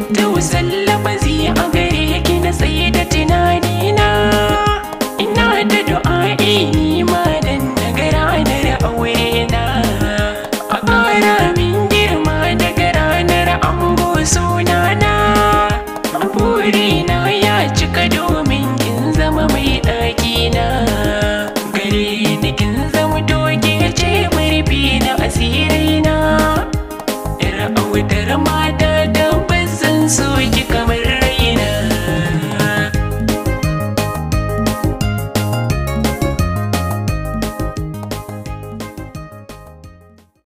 tattausan lafazi a gare yake na tsaye da tunanina ina da du'a'i ni ma